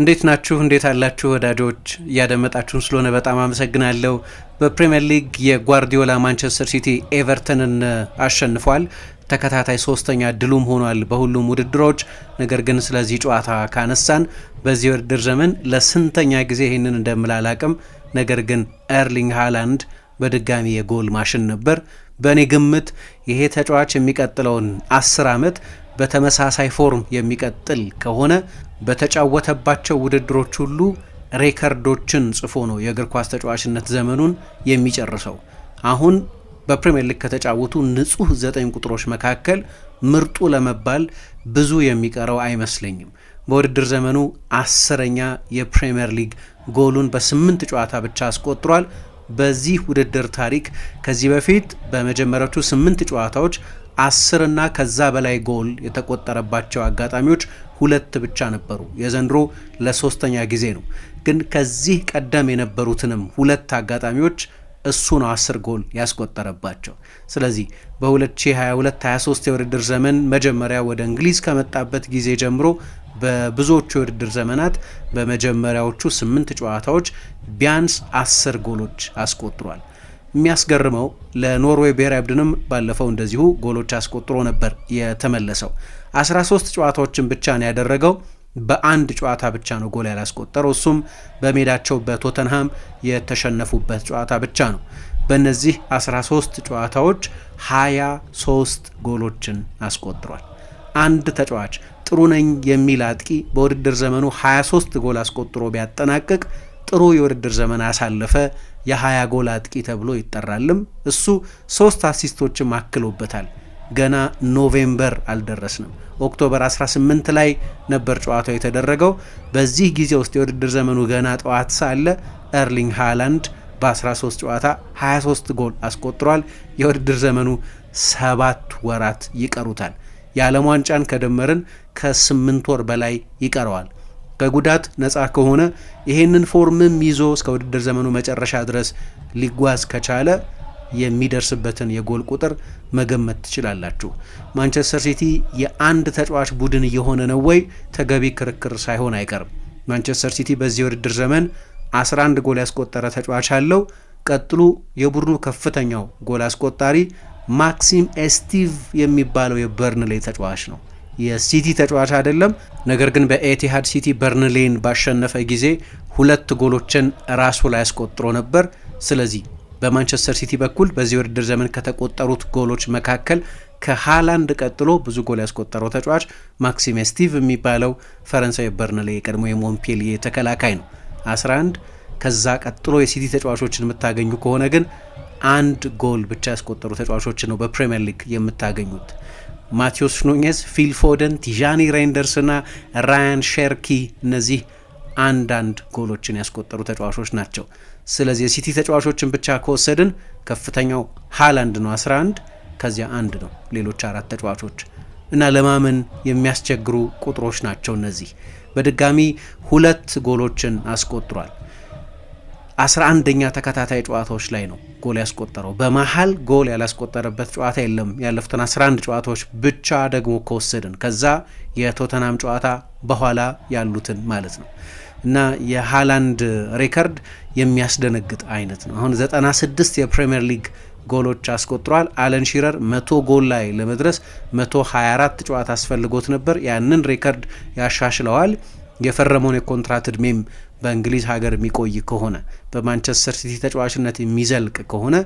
እንዴት ናችሁ? እንዴት አላችሁ ወዳጆች? እያደመጣችሁን ስለሆነ በጣም አመሰግናለሁ። በፕሪምየር ሊግ የጓርዲዮላ ማንቸስተር ሲቲ ኤቨርተንን አሸንፏል። ተከታታይ ሶስተኛ ድሉም ሆኗል በሁሉም ውድድሮች። ነገር ግን ስለዚህ ጨዋታ ካነሳን በዚህ ውድድር ዘመን ለስንተኛ ጊዜ ይህንን እንደምላላቅም፣ ነገር ግን ኤርሊንግ ሃላንድ በድጋሚ የጎል ማሽን ነበር። በእኔ ግምት ይሄ ተጫዋች የሚቀጥለውን አስር ዓመት በተመሳሳይ ፎርም የሚቀጥል ከሆነ በተጫወተባቸው ውድድሮች ሁሉ ሬከርዶችን ጽፎ ነው የእግር ኳስ ተጫዋችነት ዘመኑን የሚጨርሰው። አሁን በፕሪምየር ሊግ ከተጫወቱ ንጹህ ዘጠኝ ቁጥሮች መካከል ምርጡ ለመባል ብዙ የሚቀረው አይመስለኝም። በውድድር ዘመኑ አስረኛ የፕሪምየር ሊግ ጎሉን በስምንት ጨዋታ ብቻ አስቆጥሯል። በዚህ ውድድር ታሪክ ከዚህ በፊት በመጀመሪያዎቹ ስምንት ጨዋታዎች አስር እና ከዛ በላይ ጎል የተቆጠረባቸው አጋጣሚዎች ሁለት ብቻ ነበሩ። የዘንድሮ ለሶስተኛ ጊዜ ነው። ግን ከዚህ ቀደም የነበሩትንም ሁለት አጋጣሚዎች እሱ ነው አስር ጎል ያስቆጠረባቸው። ስለዚህ በ2022/23 የውድድር ዘመን መጀመሪያ ወደ እንግሊዝ ከመጣበት ጊዜ ጀምሮ በብዙዎቹ የውድድር ዘመናት በመጀመሪያዎቹ ስምንት ጨዋታዎች ቢያንስ አስር ጎሎች አስቆጥሯል። የሚያስገርመው ለኖርዌይ ብሔራዊ ቡድንም ባለፈው እንደዚሁ ጎሎች አስቆጥሮ ነበር የተመለሰው። 13 ጨዋታዎችን ብቻ ነው ያደረገው። በአንድ ጨዋታ ብቻ ነው ጎል ያላስቆጠረው። እሱም በሜዳቸው በቶተንሃም የተሸነፉበት ጨዋታ ብቻ ነው። በእነዚህ 13 ጨዋታዎች 23 ጎሎችን አስቆጥሯል። አንድ ተጫዋች ጥሩ ነኝ የሚል አጥቂ በውድድር ዘመኑ 23 ጎል አስቆጥሮ ቢያጠናቅቅ ጥሩ የውድድር ዘመን አሳለፈ የሀያ ጎል አጥቂ ተብሎ ይጠራልም። እሱ ሶስት አሲስቶችም አክሎበታል። ገና ኖቬምበር አልደረስንም። ኦክቶበር 18 ላይ ነበር ጨዋታው የተደረገው። በዚህ ጊዜ ውስጥ የውድድር ዘመኑ ገና ጠዋት ሳለ ኤርሊንግ ሃላንድ በ13 ጨዋታ 23 ጎል አስቆጥሯል። የውድድር ዘመኑ ሰባት ወራት ይቀሩታል። የዓለም ዋንጫን ከደመርን ከ8 ወር በላይ ይቀረዋል። ከጉዳት ነጻ ከሆነ ይሄንን ፎርምም ይዞ እስከ ውድድር ዘመኑ መጨረሻ ድረስ ሊጓዝ ከቻለ የሚደርስበትን የጎል ቁጥር መገመት ትችላላችሁ። ማንቸስተር ሲቲ የአንድ ተጫዋች ቡድን እየሆነ ነው ወይ? ተገቢ ክርክር ሳይሆን አይቀርም። ማንቸስተር ሲቲ በዚህ የውድድር ዘመን 11 ጎል ያስቆጠረ ተጫዋች አለው። ቀጥሎ የቡድኑ ከፍተኛው ጎል አስቆጣሪ ማክሲም ኤስቲቭ የሚባለው የበርንሌ ተጫዋች ነው። የሲቲ ተጫዋች አይደለም። ነገር ግን በኤቲሃድ ሲቲ በርንሌን ባሸነፈ ጊዜ ሁለት ጎሎችን ራሱ ላይ አስቆጥሮ ነበር። ስለዚህ በማንቸስተር ሲቲ በኩል በዚህ ውድድር ዘመን ከተቆጠሩት ጎሎች መካከል ከሃላንድ ቀጥሎ ብዙ ጎል ያስቆጠረው ተጫዋች ማክሲም ስቲቭ የሚባለው ፈረንሳዊ በርንሌ የቀድሞ የሞንፔልዬ ተከላካይ ነው 11 ከዛ ቀጥሎ የሲቲ ተጫዋቾችን የምታገኙ ከሆነ ግን አንድ ጎል ብቻ ያስቆጠሩ ተጫዋቾችን ነው በፕሪምየር ሊግ የምታገኙት። ማቴዎስ ኑኜዝ፣ ፊል ፎደን፣ ቲዣኒ ሬንደርስ ና ራያን ሼርኪ እነዚህ አንዳንድ ጎሎችን ያስቆጠሩ ተጫዋቾች ናቸው። ስለዚህ የሲቲ ተጫዋቾችን ብቻ ከወሰድን ከፍተኛው ሃላንድ ነው 11 ከዚያ አንድ ነው ሌሎች አራት ተጫዋቾች እና ለማመን የሚያስቸግሩ ቁጥሮች ናቸው እነዚህ። በድጋሚ ሁለት ጎሎችን አስቆጥሯል። 11ኛ ተከታታይ ጨዋታዎች ላይ ነው ጎል ያስቆጠረው። በመሀል ጎል ያላስቆጠረበት ጨዋታ የለም። ያለፉትን 11 ጨዋታዎች ብቻ ደግሞ ከወሰድን ከዛ የቶተናም ጨዋታ በኋላ ያሉትን ማለት ነው እና የሃላንድ ሬከርድ የሚያስደነግጥ አይነት ነው። አሁን 96 የፕሪምየር ሊግ ጎሎች አስቆጥሯል። አለን ሺረር መቶ ጎል ላይ ለመድረስ 124 ጨዋታ አስፈልጎት ነበር። ያንን ሬከርድ ያሻሽለዋል። የፈረመውን የኮንትራት እድሜም በእንግሊዝ ሀገር የሚቆይ ከሆነ በማንቸስተር ሲቲ ተጫዋችነት የሚዘልቅ ከሆነ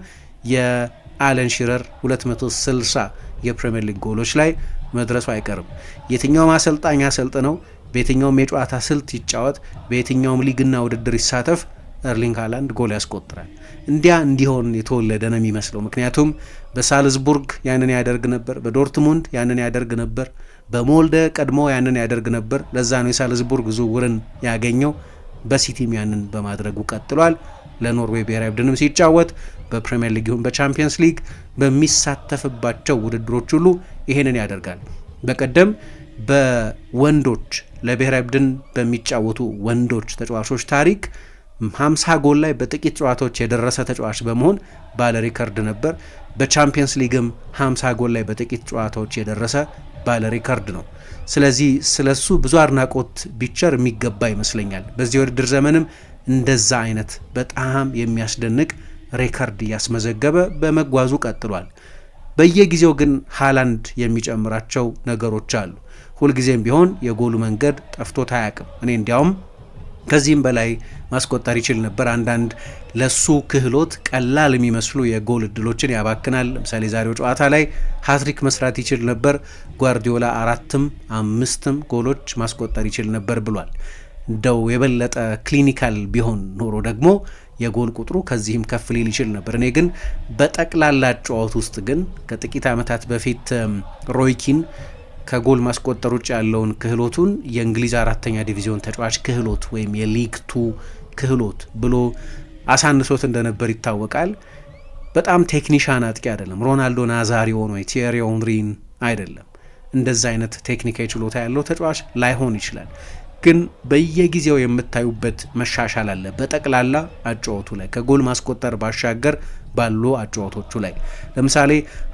የአለን ሽረር 260 የፕሪምየር ሊግ ጎሎች ላይ መድረሱ አይቀርም። የትኛውም አሰልጣኝ ነው በየትኛውም የጨዋታ ስልት ይጫወት፣ በየትኛውም ሊግና ውድድር ይሳተፍ እርሊንግ ሃላንድ ጎል ያስቆጥራል። እንዲያ እንዲሆን የተወለደ ነው የሚመስለው። ምክንያቱም በሳልዝቡርግ ያንን ያደርግ ነበር፣ በዶርትሙንድ ያንን ያደርግ ነበር። በሞልደ ቀድሞ ያንን ያደርግ ነበር። ለዛ ነው የሳልዝቡርግ ዝውውርን ያገኘው። በሲቲም ያንን በማድረጉ ቀጥሏል። ለኖርዌይ ብሔራዊ ቡድንም ሲጫወት በፕሪምየር ሊግ ይሁን በቻምፒየንስ ሊግ በሚሳተፍባቸው ውድድሮች ሁሉ ይሄንን ያደርጋል። በቀደም በወንዶች ለብሔራዊ ቡድን በሚጫወቱ ወንዶች ተጫዋቾች ታሪክ 50 ጎል ላይ በጥቂት ጨዋታዎች የደረሰ ተጫዋች በመሆን ባለ ሪከርድ ነበር። በቻምፒየንስ ሊግም 50 ጎል ላይ በጥቂት ጨዋታዎች የደረሰ ባለ ሪከርድ ነው። ስለዚህ ስለሱ ብዙ አድናቆት ቢቸር የሚገባ ይመስለኛል። በዚህ ውድድር ዘመንም እንደዛ አይነት በጣም የሚያስደንቅ ሬከርድ እያስመዘገበ በመጓዙ ቀጥሏል። በየጊዜው ግን ሃላንድ የሚጨምራቸው ነገሮች አሉ። ሁልጊዜም ቢሆን የጎሉ መንገድ ጠፍቶት አያቅም። እኔ እንዲያውም ከዚህም በላይ ማስቆጠር ይችል ነበር። አንዳንድ ለሱ ክህሎት ቀላል የሚመስሉ የጎል እድሎችን ያባክናል። ለምሳሌ ዛሬው ጨዋታ ላይ ሀትሪክ መስራት ይችል ነበር፣ ጓርዲዮላ አራትም አምስትም ጎሎች ማስቆጠር ይችል ነበር ብሏል። እንደው የበለጠ ክሊኒካል ቢሆን ኖሮ ደግሞ የጎል ቁጥሩ ከዚህም ከፍ ሊል ይችል ነበር። እኔ ግን በጠቅላላ ጨዋታ ውስጥ ግን ከጥቂት ዓመታት በፊት ሮይኪን ከጎል ማስቆጠር ውጭ ያለውን ክህሎቱን የእንግሊዝ አራተኛ ዲቪዚዮን ተጫዋች ክህሎት ወይም የሊግ ቱ ክህሎት ብሎ አሳንሶት እንደነበር ይታወቃል። በጣም ቴክኒሻን አጥቂ አይደለም። ሮናልዶ ናዛሪዮን ወይ ቲየሪ ኦንሪን አይደለም። እንደዛ አይነት ቴክኒካዊ ችሎታ ያለው ተጫዋች ላይሆን ይችላል፣ ግን በየጊዜው የምታዩበት መሻሻል አለ። በጠቅላላ አጫወቱ ላይ ከጎል ማስቆጠር ባሻገር ባሉ አጫዋቶቹ ላይ ለምሳሌ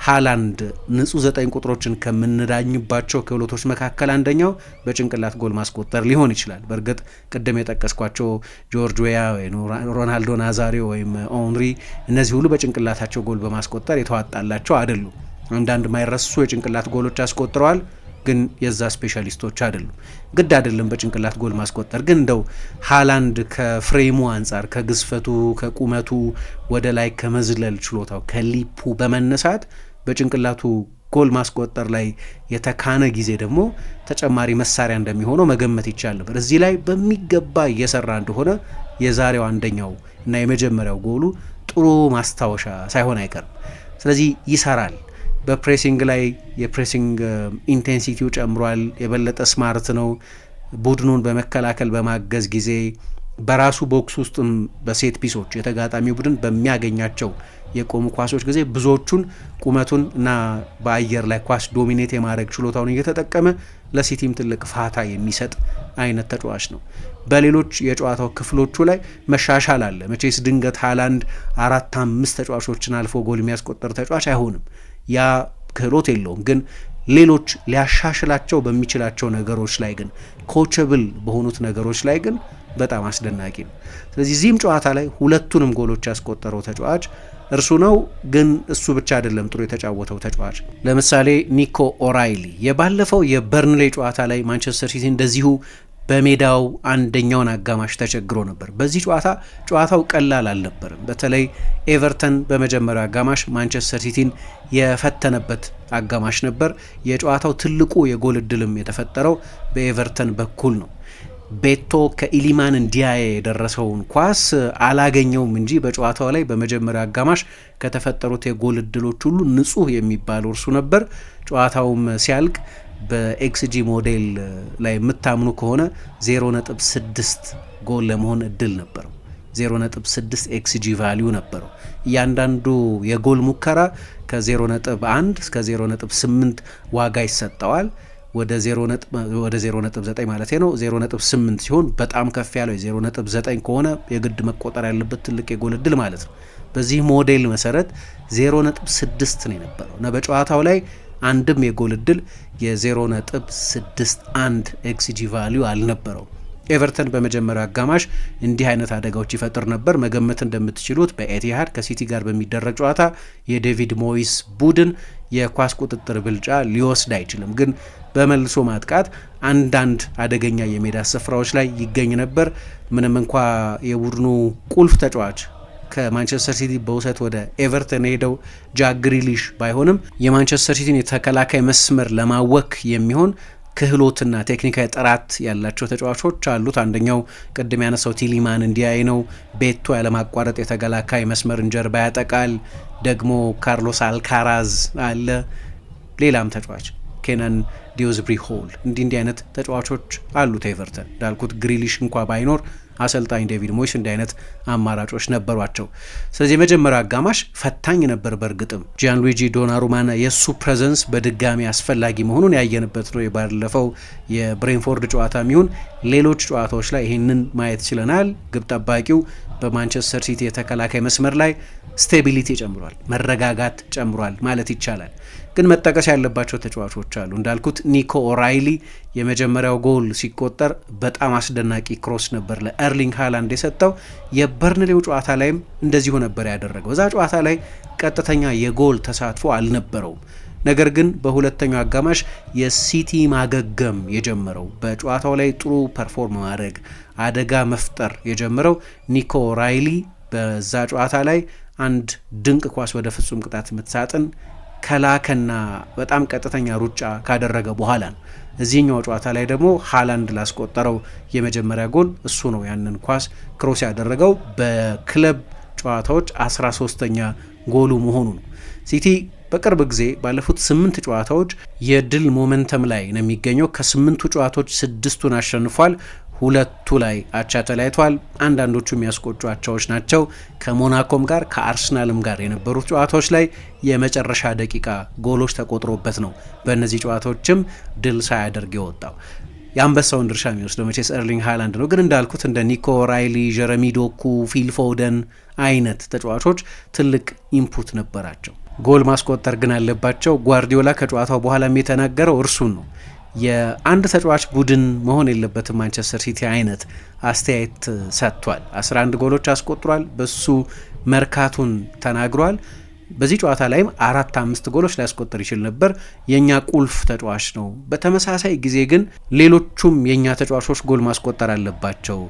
ሃላንድ ንጹህ ዘጠኝ ቁጥሮችን ከምንዳኝባቸው ክህሎቶች መካከል አንደኛው በጭንቅላት ጎል ማስቆጠር ሊሆን ይችላል። በእርግጥ ቅድም የጠቀስኳቸው ጆርጅ ዌያ ወይም ሮናልዶ ናዛሪዮ ወይም ኦንሪ እነዚህ ሁሉ በጭንቅላታቸው ጎል በማስቆጠር የተዋጣላቸው አይደሉም። አንዳንድ ማይረሱ የጭንቅላት ጎሎች አስቆጥረዋል፣ ግን የዛ ስፔሻሊስቶች አይደሉም። ግድ አይደለም በጭንቅላት ጎል ማስቆጠር። ግን እንደው ሃላንድ ከፍሬሙ አንጻር ከግዝፈቱ ከቁመቱ ወደ ላይ ከመዝለል ችሎታው ከሊፑ በመነሳት በጭንቅላቱ ጎል ማስቆጠር ላይ የተካነ ጊዜ ደግሞ ተጨማሪ መሳሪያ እንደሚሆነው መገመት ይቻል ነበር። እዚህ ላይ በሚገባ እየሰራ እንደሆነ የዛሬው አንደኛው እና የመጀመሪያው ጎሉ ጥሩ ማስታወሻ ሳይሆን አይቀርም። ስለዚህ ይሰራል። በፕሬሲንግ ላይ የፕሬሲንግ ኢንቴንሲቲው ጨምሯል። የበለጠ ስማርት ነው። ቡድኑን በመከላከል በማገዝ ጊዜ በራሱ ቦክስ ውስጥም በሴት ፒሶች የተጋጣሚው ቡድን በሚያገኛቸው የቆሙ ኳሶች ጊዜ ብዙዎቹን ቁመቱን እና በአየር ላይ ኳስ ዶሚኔት የማድረግ ችሎታውን እየተጠቀመ ለሲቲም ትልቅ ፋታ የሚሰጥ አይነት ተጫዋች ነው። በሌሎች የጨዋታው ክፍሎቹ ላይ መሻሻል አለ። መቼስ ድንገት ሃላንድ አራት አምስት ተጫዋቾችን አልፎ ጎል የሚያስቆጠር ተጫዋች አይሆንም። ያ ክህሎት የለውም። ግን ሌሎች ሊያሻሽላቸው በሚችላቸው ነገሮች ላይ ግን ኮቸብል በሆኑት ነገሮች ላይ ግን በጣም አስደናቂ ነው። ስለዚህ እዚህም ጨዋታ ላይ ሁለቱንም ጎሎች ያስቆጠረው ተጫዋች እርሱ ነው። ግን እሱ ብቻ አይደለም ጥሩ የተጫወተው ተጫዋች። ለምሳሌ ኒኮ ኦራይሊ የባለፈው የበርንሌ ጨዋታ ላይ ማንቸስተር ሲቲ እንደዚሁ በሜዳው አንደኛውን አጋማሽ ተቸግሮ ነበር። በዚህ ጨዋታ ጨዋታው ቀላል አልነበርም። በተለይ ኤቨርተን በመጀመሪያ አጋማሽ ማንቸስተር ሲቲን የፈተነበት አጋማሽ ነበር። የጨዋታው ትልቁ የጎል እድልም የተፈጠረው በኤቨርተን በኩል ነው። ቤቶ ከኢሊማን እንዲያየ የደረሰውን ኳስ አላገኘውም እንጂ በጨዋታው ላይ በመጀመሪያ አጋማሽ ከተፈጠሩት የጎል እድሎች ሁሉ ንጹህ የሚባለው እርሱ ነበር። ጨዋታውም ሲያልቅ በኤክስጂ ሞዴል ላይ የምታምኑ ከሆነ 0.6 ጎል ለመሆን እድል ነበረው። 0.6 ኤክስጂ ቫሊዩ ነበረው። እያንዳንዱ የጎል ሙከራ ከ0.1 እስከ 0.8 ዋጋ ይሰጠዋል። ወደ 0.9 ማለት ነው። 0.8 ሲሆን በጣም ከፍ ያለው 0.9 ከሆነ የግድ መቆጠር ያለበት ትልቅ የጎል እድል ማለት ነው። በዚህ ሞዴል መሰረት 0.6 ነው የነበረው እና በጨዋታው ላይ አንድም የጎል እድል የ0 ነጥብ ኤክስጂ ቫሊዩ አልነበረው። ኤቨርተን በመጀመሪያው አጋማሽ እንዲህ አይነት አደጋዎች ይፈጥር ነበር። መገመት እንደምትችሉት በኤቲሃድ ከሲቲ ጋር በሚደረግ ጨዋታ የዴቪድ ሞይስ ቡድን የኳስ ቁጥጥር ብልጫ ሊወስድ አይችልም። ግን በመልሶ ማጥቃት አንዳንድ አደገኛ የሜዳ ስፍራዎች ላይ ይገኝ ነበር። ምንም እንኳ የቡድኑ ቁልፍ ተጫዋች ከማንቸስተር ሲቲ በውሰት ወደ ኤቨርተን ሄደው ጃክ ግሪሊሽ ባይሆንም የማንቸስተር ሲቲን የተከላካይ መስመር ለማወክ የሚሆን ክህሎትና ቴክኒካዊ ጥራት ያላቸው ተጫዋቾች አሉት። አንደኛው ቅድም ያነሳው ቲሊማን እንዲያይ ነው። ቤቶ ያለማቋረጥ የተከላካይ መስመርን ጀርባ ያጠቃል። ደግሞ ካርሎስ አልካራዝ አለ። ሌላም ተጫዋች ኬነን ዲዮዝብሪ ሆል እንዲህ እንዲህ አይነት ተጫዋቾች አሉት ኤቨርተን። እንዳልኩት ግሪሊሽ እንኳ ባይኖር አሰልጣኝ ዴቪድ ሞይስ እንዲህ አይነት አማራጮች ነበሯቸው። ስለዚህ የመጀመሪያው አጋማሽ ፈታኝ ነበር። በእርግጥም ጃን ሉዊጂ ዶናሩማና የእሱ ፕሬዘንስ በድጋሚ አስፈላጊ መሆኑን ያየንበት ነው። ባለፈው የብሬንፎርድ ጨዋታ የሚሆን ሌሎች ጨዋታዎች ላይ ይህንን ማየት ችለናል። ግብ ጠባቂው በማንቸስተር ሲቲ የተከላካይ መስመር ላይ ስቴቢሊቲ ጨምሯል፣ መረጋጋት ጨምሯል ማለት ይቻላል። ግን መጠቀስ ያለባቸው ተጫዋቾች አሉ። እንዳልኩት ኒኮ ኦራይሊ የመጀመሪያው ጎል ሲቆጠር በጣም አስደናቂ ክሮስ ነበር ለኤርሊንግ ሃላንድ የሰጠው። የበርንሌው ጨዋታ ላይም እንደዚሁ ነበር ያደረገው። እዛ ጨዋታ ላይ ቀጥተኛ የጎል ተሳትፎ አልነበረውም። ነገር ግን በሁለተኛው አጋማሽ የሲቲ ማገገም የጀመረው በጨዋታው ላይ ጥሩ ፐርፎርም ማድረግ አደጋ መፍጠር የጀመረው ኒኮ ኦራይሊ በዛ ጨዋታ ላይ አንድ ድንቅ ኳስ ወደ ፍጹም ቅጣት ምት ሳጥን ከላከና በጣም ቀጥተኛ ሩጫ ካደረገ በኋላ ነው። እዚህኛው ጨዋታ ላይ ደግሞ ሃላንድ ላስቆጠረው የመጀመሪያ ጎል እሱ ነው ያንን ኳስ ክሮስ ያደረገው በክለብ ጨዋታዎች 13ተኛ ጎሉ መሆኑ ነው። ሲቲ በቅርብ ጊዜ ባለፉት ስምንት ጨዋታዎች የድል ሞመንተም ላይ ነው የሚገኘው። ከስምንቱ ጨዋታዎች ስድስቱን አሸንፏል። ሁለቱ ላይ አቻ ተለያይቷል። አንዳንዶቹ የሚያስቆጩ አቻዎች ናቸው። ከሞናኮም ጋር ከአርሰናልም ጋር የነበሩት ጨዋታዎች ላይ የመጨረሻ ደቂቃ ጎሎች ተቆጥሮበት ነው በእነዚህ ጨዋታዎችም ድል ሳያደርግ የወጣው። የአንበሳውን ድርሻ የሚወስደው መቼስ ኤርሊንግ ሃላንድ ነው። ግን እንዳልኩት እንደ ኒኮ ራይሊ፣ ጀረሚ ዶኩ፣ ፊል ፎደን አይነት ተጫዋቾች ትልቅ ኢንፑት ነበራቸው። ጎል ማስቆጠር ግን አለባቸው። ጓርዲዮላ ከጨዋታው በኋላም የተናገረው እርሱን ነው የአንድ ተጫዋች ቡድን መሆን የለበትም ማንቸስተር ሲቲ አይነት አስተያየት ሰጥቷል። 11 ጎሎች አስቆጥሯል። በሱ መርካቱን ተናግሯል። በዚህ ጨዋታ ላይም አራት አምስት ጎሎች ሊያስቆጥር ይችል ነበር። የእኛ ቁልፍ ተጫዋች ነው። በተመሳሳይ ጊዜ ግን ሌሎቹም የእኛ ተጫዋቾች ጎል ማስቆጠር አለባቸው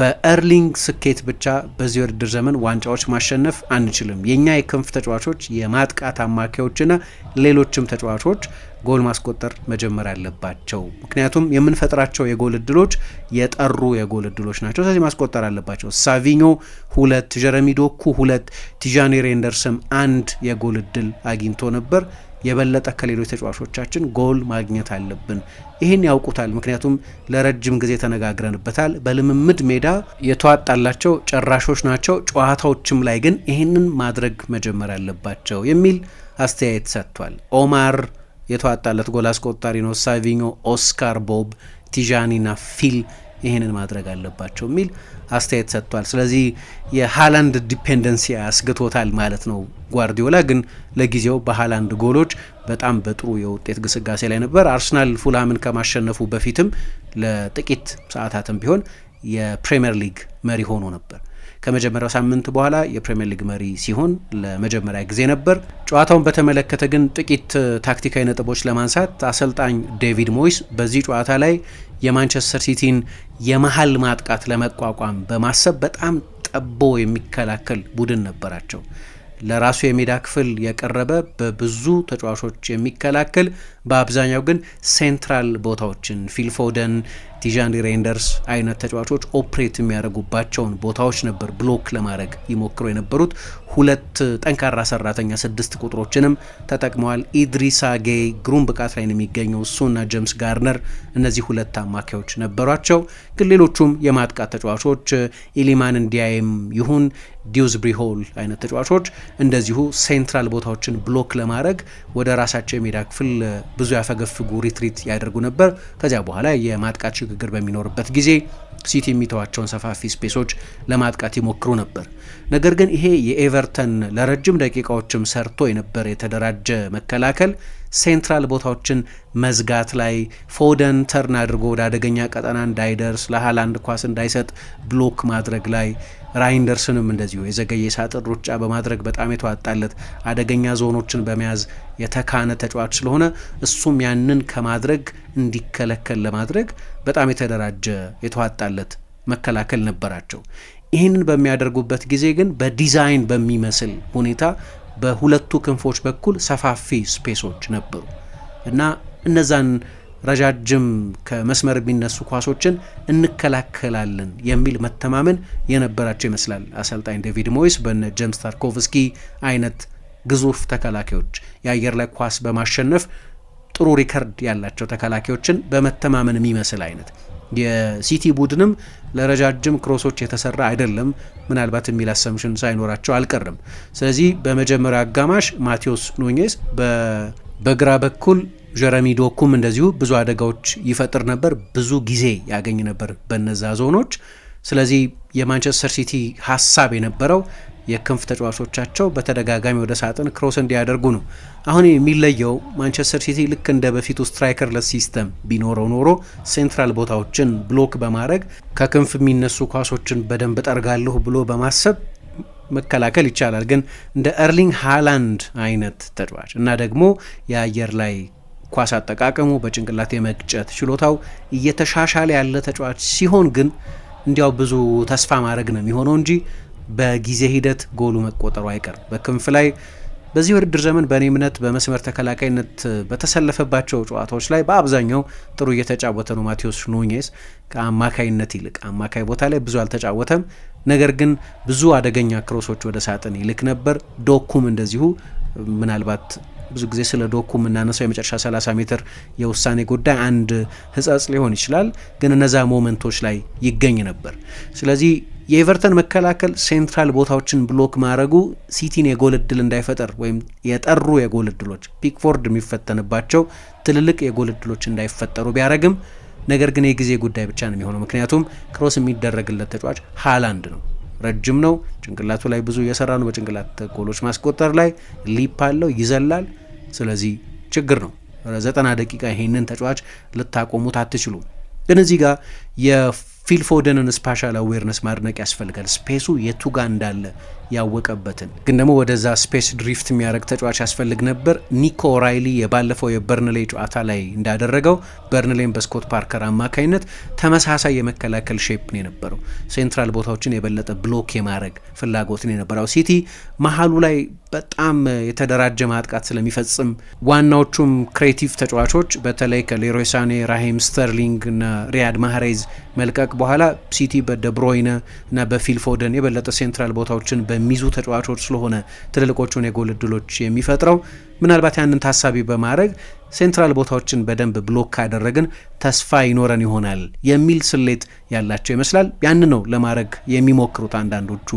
በኤርሊንግ ስኬት ብቻ በዚህ ውድድር ዘመን ዋንጫዎች ማሸነፍ አንችልም። የእኛ የክንፍ ተጫዋቾች፣ የማጥቃት አማካዮችና ሌሎችም ተጫዋቾች ጎል ማስቆጠር መጀመር አለባቸው። ምክንያቱም የምንፈጥራቸው የጎል እድሎች የጠሩ የጎል እድሎች ናቸው። ስለዚህ ማስቆጠር አለባቸው። ሳቪኞ ሁለት፣ ጀረሚ ዶኩ ሁለት፣ ቲዣኒ ሬንደርስም አንድ የጎል እድል አግኝቶ ነበር። የበለጠ ከሌሎች ተጫዋቾቻችን ጎል ማግኘት አለብን። ይህን ያውቁታል፣ ምክንያቱም ለረጅም ጊዜ ተነጋግረንበታል። በልምምድ ሜዳ የተዋጣላቸው ጨራሾች ናቸው። ጨዋታዎችም ላይ ግን ይህንን ማድረግ መጀመር አለባቸው የሚል አስተያየት ሰጥቷል። ኦማር የተዋጣለት ጎል አስቆጣሪ ነው። ሳቪኞ፣ ኦስካር ቦብ፣ ቲዣኒና ፊል ይህንን ማድረግ አለባቸው የሚል አስተያየት ሰጥቷል። ስለዚህ የሃላንድ ዲፔንደንሲ አስግቶታል ማለት ነው። ጓርዲዮላ ግን ለጊዜው በሃላንድ ጎሎች በጣም በጥሩ የውጤት ግስጋሴ ላይ ነበር። አርሰናል ፉልሃምን ከማሸነፉ በፊትም ለጥቂት ሰዓታትም ቢሆን የፕሪምየር ሊግ መሪ ሆኖ ነበር። ከመጀመሪያው ሳምንት በኋላ የፕሪምየር ሊግ መሪ ሲሆን ለመጀመሪያ ጊዜ ነበር። ጨዋታውን በተመለከተ ግን ጥቂት ታክቲካዊ ነጥቦች ለማንሳት አሰልጣኝ ዴቪድ ሞይስ በዚህ ጨዋታ ላይ የማንቸስተር ሲቲን የመሀል ማጥቃት ለመቋቋም በማሰብ በጣም ጠቦ የሚከላከል ቡድን ነበራቸው። ለራሱ የሜዳ ክፍል የቀረበ በብዙ ተጫዋቾች የሚከላከል በአብዛኛው ግን ሴንትራል ቦታዎችን ፊልፎደን ቲዣን ሬንደርስ አይነት ተጫዋቾች ኦፕሬት የሚያደርጉባቸውን ቦታዎች ነበር ብሎክ ለማድረግ ይሞክሩ የነበሩት። ሁለት ጠንካራ ሰራተኛ ስድስት ቁጥሮችንም ተጠቅመዋል። ኢድሪሳ ጌይ ግሩም ብቃት ላይ ነው የሚገኘው እሱና ጄምስ ጋርነር እነዚህ ሁለት አማካዮች ነበሯቸው። ግን ሌሎቹም የማጥቃት ተጫዋቾች ኢሊማን እንዲያይም ይሁን ዲውዝብሪ ሆል አይነት ተጫዋቾች እንደዚሁ ሴንትራል ቦታዎችን ብሎክ ለማድረግ ወደ ራሳቸው የሜዳ ክፍል ብዙ ያፈገፍጉ ሪትሪት ያደርጉ ነበር። ከዚያ በኋላ የማጥቃት ሽግግር በሚኖርበት ጊዜ ሲቲ የሚተዋቸውን ሰፋፊ ስፔሶች ለማጥቃት ይሞክሩ ነበር። ነገር ግን ይሄ የኤቨርተን ለረጅም ደቂቃዎችም ሰርቶ የነበረ የተደራጀ መከላከል ሴንትራል ቦታዎችን መዝጋት ላይ ፎደን ተርን አድርጎ ወደ አደገኛ ቀጠና እንዳይደርስ ለሃላንድ ኳስ እንዳይሰጥ ብሎክ ማድረግ ላይ ራይንደርስንም እንደዚሁ የዘገየ ሳጥን ሩጫ በማድረግ በጣም የተዋጣለት አደገኛ ዞኖችን በመያዝ የተካነ ተጫዋች ስለሆነ እሱም ያንን ከማድረግ እንዲከለከል ለማድረግ በጣም የተደራጀ የተዋጣለት መከላከል ነበራቸው። ይህንን በሚያደርጉበት ጊዜ ግን በዲዛይን በሚመስል ሁኔታ በሁለቱ ክንፎች በኩል ሰፋፊ ስፔሶች ነበሩ እና እነዛን ረጃጅም ከመስመር የሚነሱ ኳሶችን እንከላከላለን የሚል መተማመን የነበራቸው ይመስላል አሰልጣኝ ዴቪድ ሞይስ በነ ጀምስ ታርኮቭስኪ አይነት ግዙፍ ተከላካዮች የአየር ላይ ኳስ በማሸነፍ ጥሩ ሪከርድ ያላቸው ተከላካዮችን በመተማመን የሚመስል አይነት የሲቲ ቡድንም ለረጃጅም ክሮሶች የተሰራ አይደለም፣ ምናልባት የሚል አሰምሽን ሳይኖራቸው አልቀርም። ስለዚህ በመጀመሪያ አጋማሽ ማቴዎስ ኑኜስ በግራ በኩል ጀረሚ ዶኩም እንደዚሁ ብዙ አደጋዎች ይፈጥር ነበር፣ ብዙ ጊዜ ያገኝ ነበር በነዛ ዞኖች። ስለዚህ የማንቸስተር ሲቲ ሀሳብ የነበረው የክንፍ ተጫዋቾቻቸው በተደጋጋሚ ወደ ሳጥን ክሮስ እንዲያደርጉ ነው። አሁን የሚለየው ማንቸስተር ሲቲ ልክ እንደ በፊቱ ስትራይከርለስ ሲስተም ቢኖረው ኖሮ ሴንትራል ቦታዎችን ብሎክ በማድረግ ከክንፍ የሚነሱ ኳሶችን በደንብ ጠርጋለሁ ብሎ በማሰብ መከላከል ይቻላል። ግን እንደ ኤርሊንግ ሃላንድ አይነት ተጫዋች እና ደግሞ የአየር ላይ ኳስ አጠቃቀሙ፣ በጭንቅላት የመግጨት ችሎታው እየተሻሻለ ያለ ተጫዋች ሲሆን ግን እንዲያው ብዙ ተስፋ ማድረግ ነው የሚሆነው እንጂ በጊዜ ሂደት ጎሉ መቆጠሩ አይቀርም። በክንፍ ላይ በዚህ ውድድር ዘመን በእኔ እምነት በመስመር ተከላካይነት በተሰለፈባቸው ጨዋታዎች ላይ በአብዛኛው ጥሩ እየተጫወተ ነው ማቴዎስ ኑኜስ ከአማካይነት ይልቅ አማካይ ቦታ ላይ ብዙ አልተጫወተም። ነገር ግን ብዙ አደገኛ ክሮሶች ወደ ሳጥን ይልክ ነበር። ዶኩም እንደዚሁ ምናልባት ብዙ ጊዜ ስለ ዶኩ የምናነሳው የመጨረሻ 30 ሜትር የውሳኔ ጉዳይ አንድ ህጸጽ ሊሆን ይችላል፣ ግን እነዛ ሞመንቶች ላይ ይገኝ ነበር። ስለዚህ የኤቨርተን መከላከል ሴንትራል ቦታዎችን ብሎክ ማድረጉ ሲቲን የጎል እድል እንዳይፈጠር ወይም የጠሩ የጎል እድሎች ፒክፎርድ የሚፈተንባቸው ትልልቅ የጎል እድሎች እንዳይፈጠሩ ቢያደረግም ነገር ግን የጊዜ ጉዳይ ብቻ ነው የሚሆነው። ምክንያቱም ክሮስ የሚደረግለት ተጫዋች ሃላንድ ነው። ረጅም ነው። ጭንቅላቱ ላይ ብዙ እየሰራ ነው። በጭንቅላት ጎሎች ማስቆጠር ላይ ሊፕ አለው፣ ይዘላል። ስለዚህ ችግር ነው። ዘጠና ደቂቃ ይሄንን ተጫዋች ልታቆሙት አትችሉም። ግን እዚህ ጋር የፊልፎደንን ስፓሻል አዌርነስ ማድነቅ ያስፈልጋል። ስፔሱ የቱጋ እንዳለ ያወቀበትን ግን ደግሞ ወደዛ ስፔስ ድሪፍት የሚያደርግ ተጫዋች ያስፈልግ ነበር። ኒኮ ራይሊ የባለፈው የበርንሌ ጨዋታ ላይ እንዳደረገው በርንሌን በስኮት ፓርከር አማካኝነት ተመሳሳይ የመከላከል ሼፕ ነው የነበረው። ሴንትራል ቦታዎችን የበለጠ ብሎክ የማድረግ ፍላጎትን የነበረው ሲቲ መሀሉ ላይ በጣም የተደራጀ ማጥቃት ስለሚፈጽም ዋናዎቹም ክሬቲቭ ተጫዋቾች በተለይ ከሌሮይ ሳኔ፣ ራሂም ስተርሊንግ እና ሪያድ ማህሬዝ መልቀቅ በኋላ ሲቲ በደብሮይነ እና በፊልፎደን የበለጠ ሴንትራል ቦታዎችን በ በሚይዙ ተጫዋቾች ስለሆነ ትልልቆቹን የጎል እድሎች የሚፈጥረው። ምናልባት ያንን ታሳቢ በማድረግ ሴንትራል ቦታዎችን በደንብ ብሎክ ካደረግን ተስፋ ይኖረን ይሆናል የሚል ስሌት ያላቸው ይመስላል። ያን ነው ለማድረግ የሚሞክሩት አንዳንዶቹ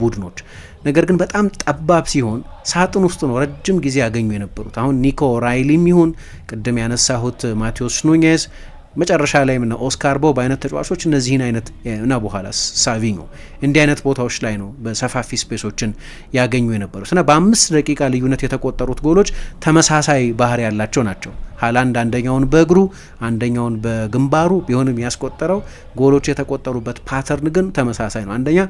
ቡድኖች። ነገር ግን በጣም ጠባብ ሲሆን ሳጥን ውስጥ ነው ረጅም ጊዜ ያገኙ የነበሩት። አሁን ኒኮ ራይሊም ይሁን ቅድም ያነሳሁት ማቴዎስ ኑኔዝ መጨረሻ ላይም ነው ኦስካር ቦብ አይነት ተጫዋቾች እነዚህን አይነት እና በኋላ ሳቪኞ እንዲህ አይነት ቦታዎች ላይ ነው በሰፋፊ ስፔሶችን ያገኙ የነበሩት እና በአምስት ደቂቃ ልዩነት የተቆጠሩት ጎሎች ተመሳሳይ ባህሪ ያላቸው ናቸው። ሀላንድ አንደኛውን በእግሩ አንደኛውን በግንባሩ ቢሆንም ያስቆጠረው ጎሎች የተቆጠሩበት ፓተርን ግን ተመሳሳይ ነው። አንደኛ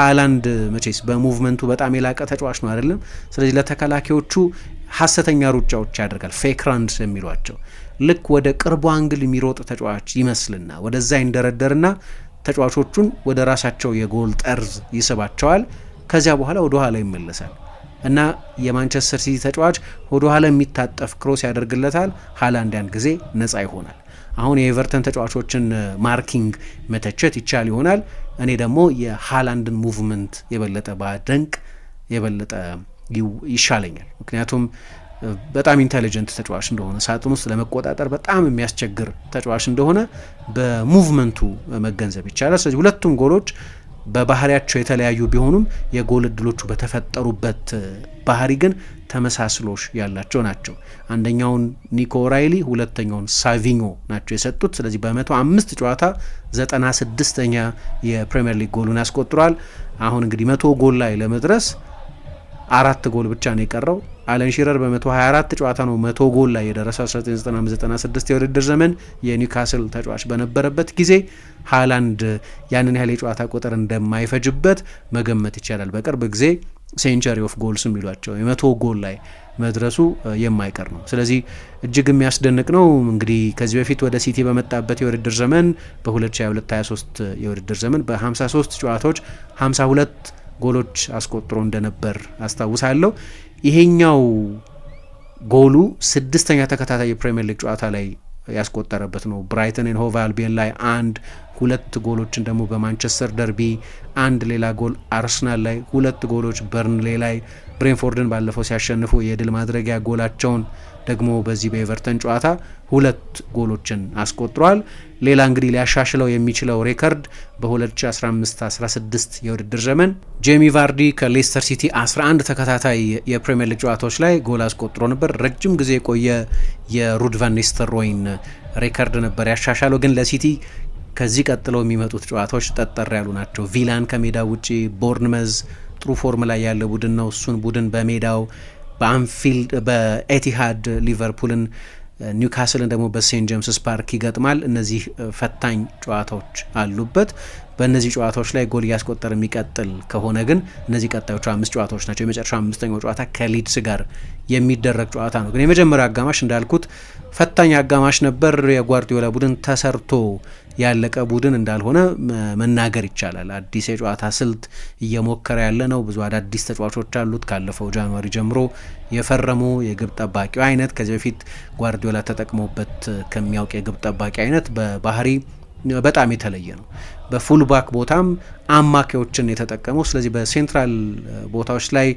ሀላንድ መቼስ በሙቭመንቱ በጣም የላቀ ተጫዋች ነው አይደለም። ስለዚህ ለተከላካዮቹ ሀሰተኛ ሩጫዎች ያደርጋል፣ ፌክ ራንስ የሚሏቸው ልክ ወደ ቅርቡ አንግል የሚሮጥ ተጫዋች ይመስልና ወደዛ ይንደረደርና ተጫዋቾቹን ወደ ራሳቸው የጎል ጠርዝ ይስባቸዋል። ከዚያ በኋላ ወደ ኋላ ይመለሳል እና የማንቸስተር ሲቲ ተጫዋች ወደ ኋላ የሚታጠፍ ክሮስ ያደርግለታል። ሀላንድ ያን ጊዜ ነፃ ይሆናል። አሁን የኤቨርተን ተጫዋቾችን ማርኪንግ መተቸት ይቻል ይሆናል። እኔ ደግሞ የሃላንድን ሙቭመንት የበለጠ ባደንቅ የበለጠ ይሻለኛል። ምክንያቱም በጣም ኢንቴሊጀንት ተጫዋች እንደሆነ ሳጥን ውስጥ ለመቆጣጠር በጣም የሚያስቸግር ተጫዋች እንደሆነ በሙቭመንቱ መገንዘብ ይቻላል። ስለዚህ ሁለቱም ጎሎች በባህሪያቸው የተለያዩ ቢሆኑም የጎል እድሎቹ በተፈጠሩበት ባህሪ ግን ተመሳስሎች ያላቸው ናቸው። አንደኛውን ኒኮ ራይሊ፣ ሁለተኛውን ሳቪኞ ናቸው የሰጡት። ስለዚህ በመቶ አምስት ጨዋታ ዘጠና ስድስተኛ የፕሪምየር ሊግ ጎሉን ያስቆጥሯል። አሁን እንግዲህ መቶ ጎል ላይ ለመድረስ አራት ጎል ብቻ ነው የቀረው። አለን ሺረር በ124 ጨዋታ ነው መቶ ጎል ላይ የደረሰ 1996 የውድድር ዘመን የኒውካስል ተጫዋች በነበረበት ጊዜ ሃላንድ ያንን ያህል የጨዋታ ቁጥር እንደማይፈጅበት መገመት ይቻላል። በቅርብ ጊዜ ሴንቸሪ ኦፍ ጎልስ የሚሏቸው የመቶ ጎል ላይ መድረሱ የማይቀር ነው። ስለዚህ እጅግ የሚያስደንቅ ነው። እንግዲህ ከዚህ በፊት ወደ ሲቲ በመጣበት የውድድር ዘመን በ2022/23 የውድድር ዘመን በ53 ጨዋታዎች 52 ጎሎች አስቆጥሮ እንደነበር አስታውሳለሁ። ይሄኛው ጎሉ ስድስተኛ ተከታታይ የፕሪምየር ሊግ ጨዋታ ላይ ያስቆጠረበት ነው። ብራይተንን ሆቭ አልቢየን ላይ አንድ ሁለት ጎሎችን ደግሞ በማንቸስተር ደርቢ አንድ ሌላ ጎል አርሰናል ላይ ሁለት ጎሎች በርንሌ ላይ ብሬንፎርድን ባለፈው ሲያሸንፉ የድል ማድረጊያ ጎላቸውን ደግሞ በዚህ በኤቨርተን ጨዋታ ሁለት ጎሎችን አስቆጥሯል። ሌላ እንግዲህ ሊያሻሽለው የሚችለው ሬከርድ በ2015/16 የውድድር ዘመን ጄሚ ቫርዲ ከሌስተር ሲቲ 11 ተከታታይ የፕሪምየር ሊግ ጨዋታዎች ላይ ጎል አስቆጥሮ ነበር። ረጅም ጊዜ የቆየ የሩድ ቫን ሮይን ሬከርድ ነበር ያሻሻለው። ግን ለሲቲ ከዚህ ቀጥለው የሚመጡት ጨዋታዎች ጠጠር ያሉ ናቸው። ቪላን ከሜዳ ውጪ፣ ቦርንመዝ ጥሩ ፎርም ላይ ያለ ቡድን ነው። እሱን ቡድን በሜዳው በአንፊልድ በኤቲሃድ ሊቨርፑልን፣ ኒውካስልን ደግሞ በሴንት ጀምስስ ፓርክ ይገጥማል። እነዚህ ፈታኝ ጨዋታዎች አሉበት። በእነዚህ ጨዋታዎች ላይ ጎል እያስቆጠር የሚቀጥል ከሆነ ግን እነዚህ ቀጣዮቹ አምስት ጨዋታዎች ናቸው። የመጨረሻ አምስተኛው ጨዋታ ከሊድስ ጋር የሚደረግ ጨዋታ ነው። ግን የመጀመሪያ አጋማሽ እንዳልኩት ፈታኝ አጋማሽ ነበር። የጓርዲዮላ ቡድን ተሰርቶ ያለቀ ቡድን እንዳልሆነ መናገር ይቻላል። አዲስ የጨዋታ ስልት እየሞከረ ያለ ነው። ብዙ አዳዲስ ተጫዋቾች አሉት። ካለፈው ጃንዋሪ ጀምሮ የፈረሙ የግብ ጠባቂው አይነት ከዚህ በፊት ጓርዲዮላ ተጠቅሞበት ከሚያውቅ የግብ ጠባቂ አይነት በባህሪ በጣም የተለየ ነው። በፉልባክ ቦታም አማካዮችን የተጠቀመው ስለዚህ በሴንትራል ቦታዎች ላይ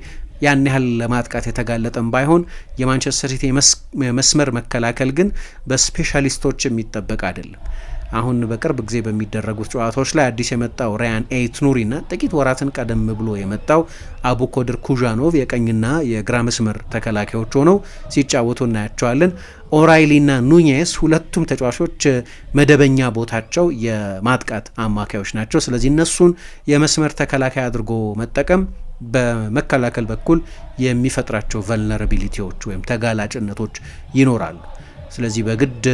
ያን ያህል ለማጥቃት የተጋለጠም ባይሆን የማንቸስተር ሲቲ የመስመር መከላከል ግን በስፔሻሊስቶች የሚጠበቅ አይደለም። አሁን በቅርብ ጊዜ በሚደረጉት ጨዋታዎች ላይ አዲስ የመጣው ራያን ኤይት ኑሪና ጥቂት ወራትን ቀደም ብሎ የመጣው አቡኮድር ኩዣኖቭ የቀኝና የግራ መስመር ተከላካዮች ሆነው ሲጫወቱ እናያቸዋለን። ኦራይሊና ኑኔስ ሁለቱም ተጫዋቾች መደበኛ ቦታቸው የማጥቃት አማካዮች ናቸው። ስለዚህ እነሱን የመስመር ተከላካይ አድርጎ መጠቀም በመከላከል በኩል የሚፈጥራቸው ቨልነራቢሊቲዎች ወይም ተጋላጭነቶች ይኖራሉ። ስለዚህ በግድ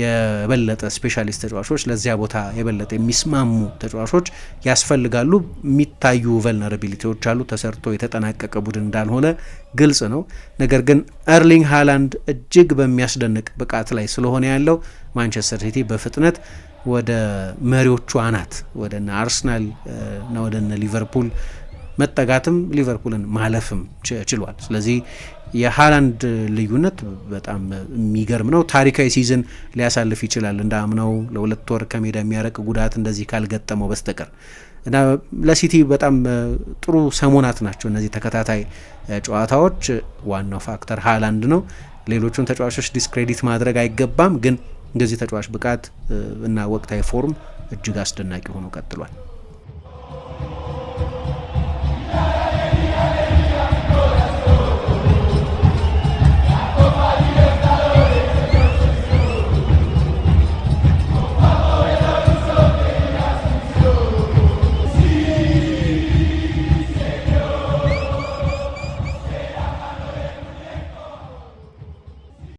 የበለጠ ስፔሻሊስት ተጫዋቾች ለዚያ ቦታ የበለጠ የሚስማሙ ተጫዋቾች ያስፈልጋሉ። የሚታዩ ቨልነራቢሊቲዎች አሉ። ተሰርቶ የተጠናቀቀ ቡድን እንዳልሆነ ግልጽ ነው። ነገር ግን ኤርሊንግ ሃላንድ እጅግ በሚያስደንቅ ብቃት ላይ ስለሆነ ያለው ማንቸስተር ሲቲ በፍጥነት ወደ መሪዎቹ አናት ወደነ አርስናል እና ወደነ ሊቨርፑል መጠጋትም ሊቨርፑልን ማለፍም ችሏል። ስለዚህ የሃላንድ ልዩነት በጣም የሚገርም ነው። ታሪካዊ ሲዝን ሊያሳልፍ ይችላል እንደ አምናው ለሁለት ወር ከሜዳ የሚያረቅ ጉዳት እንደዚህ ካልገጠመው በስተቀር እና ለሲቲ በጣም ጥሩ ሰሞናት ናቸው እነዚህ ተከታታይ ጨዋታዎች። ዋናው ፋክተር ሃላንድ ነው። ሌሎቹን ተጫዋቾች ዲስክሬዲት ማድረግ አይገባም፣ ግን እንደዚህ ተጫዋች ብቃት እና ወቅታዊ ፎርም እጅግ አስደናቂ ሆኖ ቀጥሏል።